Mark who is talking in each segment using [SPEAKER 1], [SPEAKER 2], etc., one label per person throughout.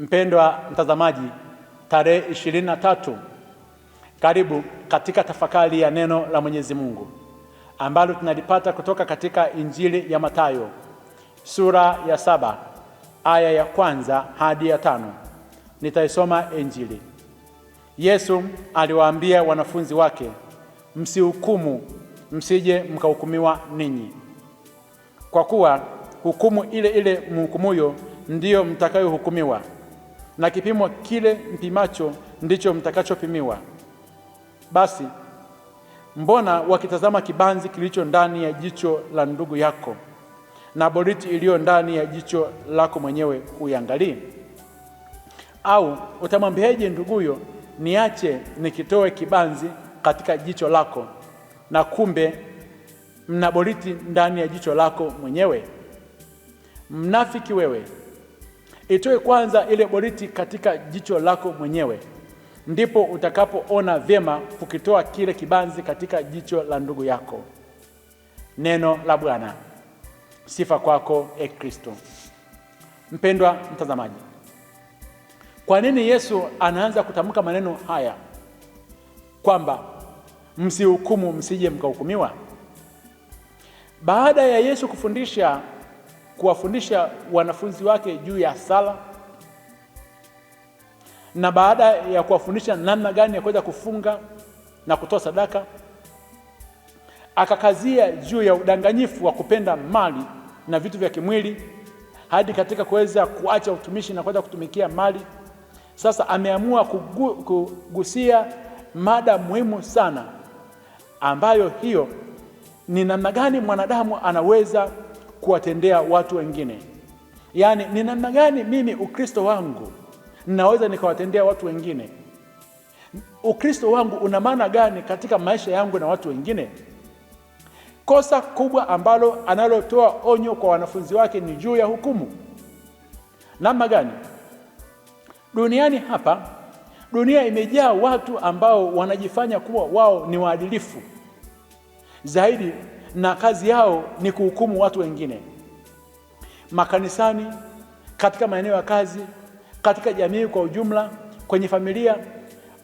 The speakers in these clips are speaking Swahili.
[SPEAKER 1] Mpendwa mtazamaji, tarehe tatu karibu katika tafakari ya neno la Mwenyezi Mungu ambalo tunalipata kutoka katika Injili ya Mathayo sura ya saba aya ya kwanza hadi ya tano. Nitaisoma Injili. Yesu aliwaambia wanafunzi wake, msihukumu, msije mkahukumiwa ninyi, kwa kuwa hukumu ile ile mhukumuyo ndiyo mtakayohukumiwa na kipimo kile mpimacho ndicho mtakachopimiwa. Basi mbona wakitazama kibanzi kilicho ndani ya jicho la ndugu yako na boriti iliyo ndani ya jicho lako mwenyewe huiangalii? Au utamwambiaje nduguyo, niache nikitoe kibanzi katika jicho lako, na kumbe mna boriti ndani ya jicho lako mwenyewe? Mnafiki wewe! Itoe kwanza ile boriti katika jicho lako mwenyewe, ndipo utakapoona vyema kukitoa kile kibanzi katika jicho la ndugu yako. Neno la Bwana. Sifa kwako e Kristo. Mpendwa mtazamaji, kwa nini Yesu anaanza kutamka maneno haya kwamba msihukumu msije mkahukumiwa? Baada ya Yesu kufundisha kuwafundisha wanafunzi wake juu ya sala, na baada ya kuwafundisha namna gani ya kuweza kufunga na kutoa sadaka, akakazia juu ya udanganyifu wa kupenda mali na vitu vya kimwili hadi katika kuweza kuacha utumishi na kuweza kutumikia mali. Sasa ameamua kugu, kugusia mada muhimu sana ambayo hiyo ni namna gani mwanadamu anaweza kuwatendea watu wengine. Yaani, ni namna gani mimi Ukristo wangu ninaweza nikawatendea watu wengine? Ukristo wangu una maana gani katika maisha yangu na watu wengine? Kosa kubwa ambalo analotoa onyo kwa wanafunzi wake ni juu ya hukumu. Namna gani? Duniani hapa, dunia imejaa watu ambao wanajifanya kuwa wao ni waadilifu zaidi na kazi yao ni kuhukumu watu wengine makanisani, katika maeneo ya kazi, katika jamii kwa ujumla, kwenye familia.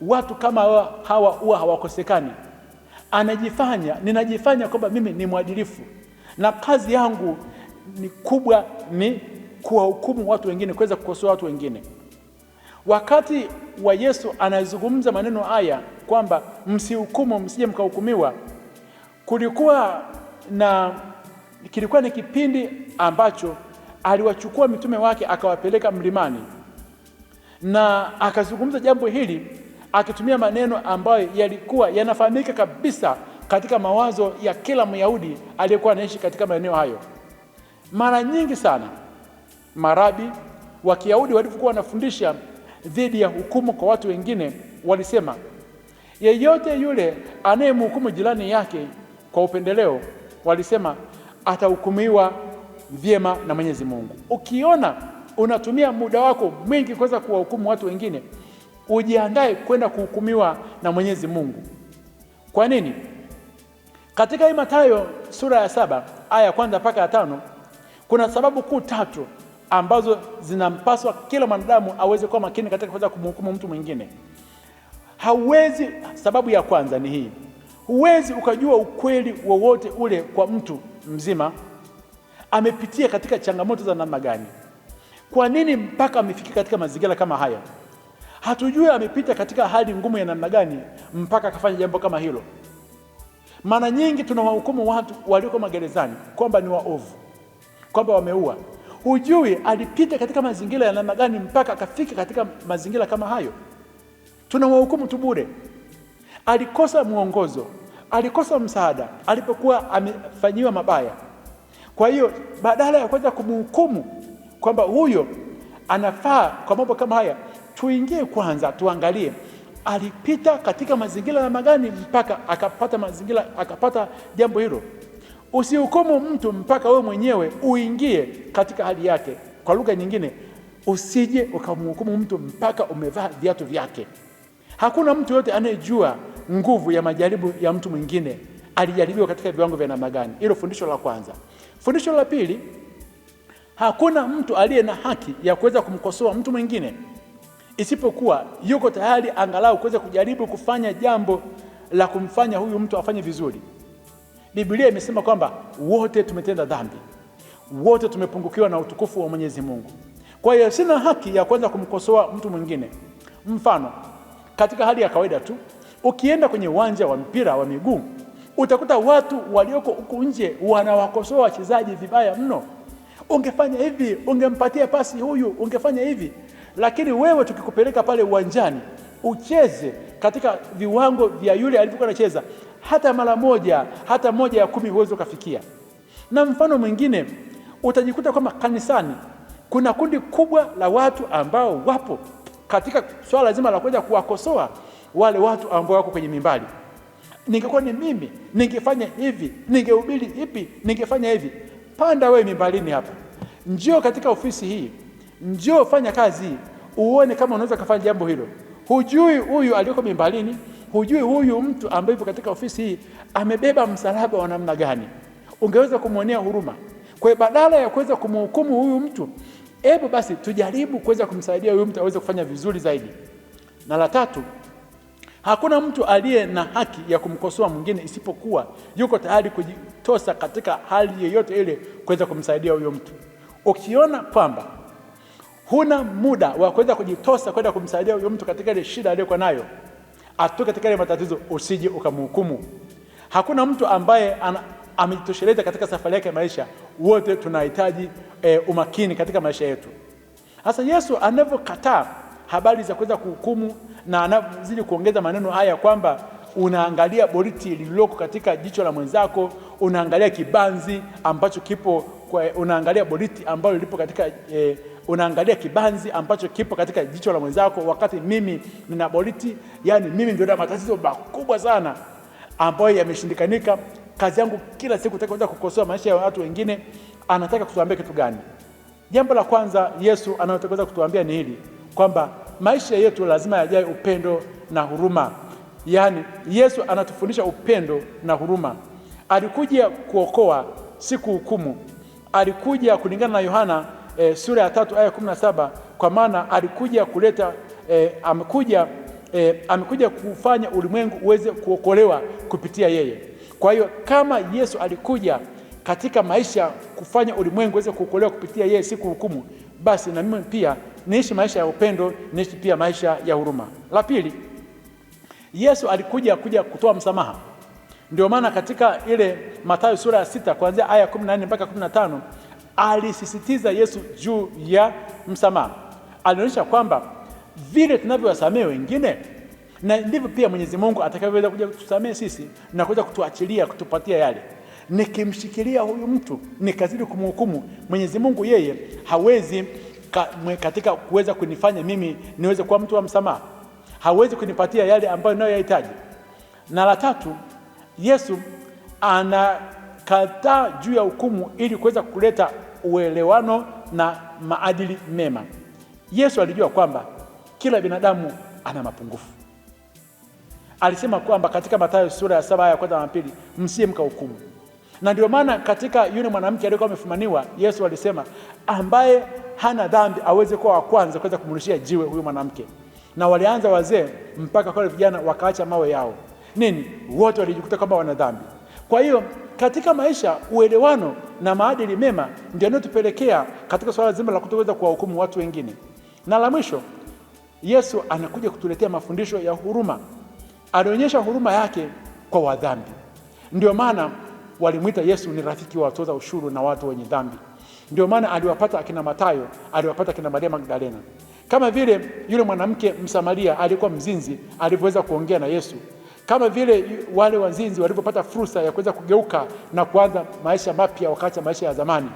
[SPEAKER 1] Watu kama hawa huwa hawakosekani. Anajifanya, ninajifanya kwamba mimi ni mwadilifu na kazi yangu ni kubwa, ni kuwahukumu watu wengine, kuweza kukosoa watu wengine. Wakati wa Yesu anazungumza maneno haya kwamba msihukumu, msije mkahukumiwa kulikuwa na kilikuwa ni kipindi ambacho aliwachukua mitume wake akawapeleka mlimani na akazungumza jambo hili akitumia maneno ambayo yalikuwa yanafahamika kabisa katika mawazo ya kila Myahudi aliyekuwa anaishi katika maeneo hayo. Mara nyingi sana marabi wa Kiyahudi walivyokuwa wanafundisha dhidi ya hukumu kwa watu wengine, walisema yeyote yule anayemhukumu jirani yake kwa upendeleo, walisema atahukumiwa vyema na Mwenyezi Mungu. Ukiona unatumia muda wako mwingi kuweza kuwahukumu watu wengine, ujiandae kwenda kuhukumiwa na Mwenyezi Mungu. Kwa nini? Katika hii Mathayo sura ya saba aya ya kwanza mpaka ya tano kuna sababu kuu tatu ambazo zinampaswa kila mwanadamu aweze kuwa makini katika kuweza kumhukumu mtu mwingine. Hauwezi. Sababu ya kwanza ni hii Huwezi ukajua ukweli wowote ule kwa mtu mzima amepitia katika changamoto za namna gani. Kwa nini mpaka amefikia katika mazingira kama haya? Hatujui amepita katika hali ngumu ya namna gani mpaka akafanya jambo kama hilo. Mara nyingi tunawahukumu watu walioko magerezani kwamba ni waovu, kwamba wameua. Hujui alipita katika mazingira ya namna gani mpaka akafika katika mazingira kama hayo. Tunawahukumu tu bure alikosa mwongozo, alikosa msaada alipokuwa amefanyiwa mabaya. Kwa hiyo badala ya kuweza kumhukumu kwamba huyo anafaa kwa mambo kama haya, tuingie kwanza tuangalie alipita katika mazingira ya magani mpaka akapata mazingira akapata jambo hilo. Usihukumu mtu mpaka wewe mwenyewe uingie katika hali yake. Kwa lugha nyingine, usije ukamhukumu mtu mpaka umevaa viatu vyake. Hakuna mtu yote anayejua nguvu ya majaribu ya mtu mwingine, alijaribiwa katika viwango vya namna gani. Hilo fundisho la kwanza. Fundisho la pili, hakuna mtu aliye na haki ya kuweza kumkosoa mtu mwingine isipokuwa yuko tayari angalau kuweza kujaribu kufanya jambo la kumfanya huyu mtu afanye vizuri. Biblia imesema kwamba wote tumetenda dhambi, wote tumepungukiwa na utukufu wa Mwenyezi Mungu. Kwa hiyo sina haki ya kuweza kumkosoa mtu mwingine. Mfano, katika hali ya kawaida tu, Ukienda kwenye uwanja wa mpira wa miguu utakuta watu walioko huku nje wanawakosoa wachezaji vibaya mno, ungefanya hivi, ungempatia pasi huyu, ungefanya hivi. Lakini wewe tukikupeleka pale uwanjani ucheze katika viwango vya yule alivyokuwa anacheza, hata mara moja, hata moja ya kumi huwezi ukafikia. Na mfano mwingine utajikuta kwamba kanisani kuna kundi kubwa la watu ambao wapo katika swala zima la kuja kuwakosoa wale watu ambao wako kwenye mimbali. Ningekuwa ni mimi, ningefanya hivi, ningehubiri ipi, ningefanya hivi. Panda wewe mimbalini hapa, njoo katika ofisi hii, njoo fanya kazi, hii, uone kama unaweza kufanya jambo hilo. Hujui huyu aliyoko mimbalini, hujui huyu mtu ambaye yupo katika ofisi hii amebeba msalaba wa namna gani, ungeweza kumwonea huruma. Kwa hiyo badala ya kuweza kumhukumu huyu mtu, hebu basi tujaribu kuweza kumsaidia huyu mtu aweze kufanya vizuri zaidi. Na la tatu Hakuna mtu aliye na haki ya kumkosoa mwingine isipokuwa yuko tayari kujitosa katika hali yoyote ile kuweza kumsaidia huyo mtu. Ukiona kwamba huna muda wa kuweza kujitosa kwenda kumsaidia huyo mtu katika ile shida aliyokuwa nayo, atoke katika ile matatizo, usije ukamhukumu. Hakuna mtu ambaye amejitosheleza katika safari yake ya maisha. Wote tunahitaji e, umakini katika maisha yetu. Sasa Yesu anavyokataa habari za kuweza kuhukumu, na anazidi kuongeza maneno haya kwamba unaangalia boriti lililoko katika jicho la mwenzako, unaangalia kibanzi ambacho kipo kwa, unaangalia boriti ambalo lipo katika eh, unaangalia kibanzi ambacho kipo katika jicho la mwenzako, wakati mimi nina boriti. Yani mimi ndio na matatizo makubwa sana ambayo yameshindikanika. Kazi yangu kila siku nataka kukosoa maisha ya watu wengine. Anataka kutuambia kitu gani? Jambo la kwanza Yesu anayotakaweza kutuambia ni hili kwamba maisha yetu lazima yajae upendo na huruma. Yaani Yesu anatufundisha upendo na huruma. Alikuja kuokoa, si kuhukumu. Alikuja kulingana na Yohana e, sura ya tatu aya kumi na saba kwa maana alikuja kuleta e, amekuja e, amekuja kufanya ulimwengu uweze kuokolewa kupitia yeye. Kwa hiyo kama Yesu alikuja katika maisha kufanya ulimwengu uweze kuokolewa kupitia yeye, si kuhukumu, basi na mimi pia niishi maisha ya upendo, niishi pia maisha ya huruma. La pili, Yesu alikuja kuja kutoa msamaha. Ndio maana katika ile Mathayo sura ya sita kuanzia aya 14 mpaka 15 alisisitiza Yesu juu ya msamaha. Alionyesha kwamba vile tunavyowasamehe wengine na ndivyo pia Mwenyezi Mungu atakavyoweza kuja kutusamehe sisi na kuweza kutuachilia kutupatia yale. Nikimshikilia huyu mtu nikazidi kumhukumu, Mwenyezi Mungu yeye hawezi katika kuweza kunifanya mimi niweze kuwa mtu wa msamaha. Hawezi kunipatia yale ambayo ninayoyahitaji. Na la tatu, Yesu anakataa juu ya hukumu ili kuweza kuleta uelewano na maadili mema. Yesu alijua kwamba kila binadamu ana mapungufu. Alisema kwamba katika Mathayo sura ya saba aya ya kwanza na pili, msiye mkahukumu na ndio maana katika yule mwanamke aliyekuwa amefumaniwa, Yesu alisema ambaye hana dhambi aweze kuwa wa kwanza kuweza kumrushia jiwe huyu mwanamke. Na walianza wazee mpaka wale vijana wakaacha mawe yao, nini, wote walijikuta kwamba wana dhambi. Kwa hiyo katika maisha uelewano na maadili mema ndio yanayotupelekea katika swala zima la kutoweza kuwahukumu watu wengine. Na la mwisho, Yesu anakuja kutuletea mafundisho ya huruma. Alionyesha huruma yake kwa wadhambi, ndio maana walimwita Yesu ni rafiki wa watoza ushuru na watu wenye dhambi. Ndio maana aliwapata akina Mathayo, aliwapata akina Maria Magdalena, kama vile yule mwanamke Msamaria alikuwa mzinzi alivyoweza kuongea na Yesu, kama vile wale wazinzi walivyopata fursa ya kuweza kugeuka na kuanza maisha mapya wakati maisha ya zamani.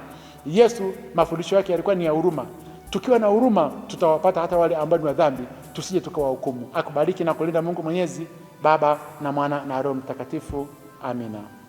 [SPEAKER 1] Yesu mafundisho yake yalikuwa ni ya huruma. Tukiwa na huruma, tutawapata hata wale ambao ni wa dhambi, tusije tukawahukumu. Akubariki na kulinda Mungu Mwenyezi, Baba na Mwana na Roho Mtakatifu. Amina.